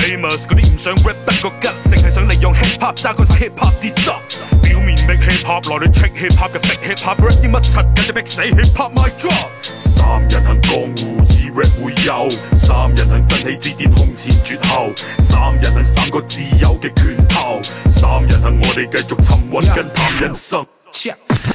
Famous 嗰啲唔想 rap 得個吉，淨係想利用 hip hop 揸個曬 hip hop 跌汁。表面的 hip hop 來你 check hip hop 嘅 fake hip hop，rap 啲乜柒，跟住逼死 hip hop my job 三人行江湖以 rap 會友。三人行真起自天空前絕後，三人行三個自由嘅拳頭，三人行我哋繼續尋揾跟探人生。Yeah. yeah.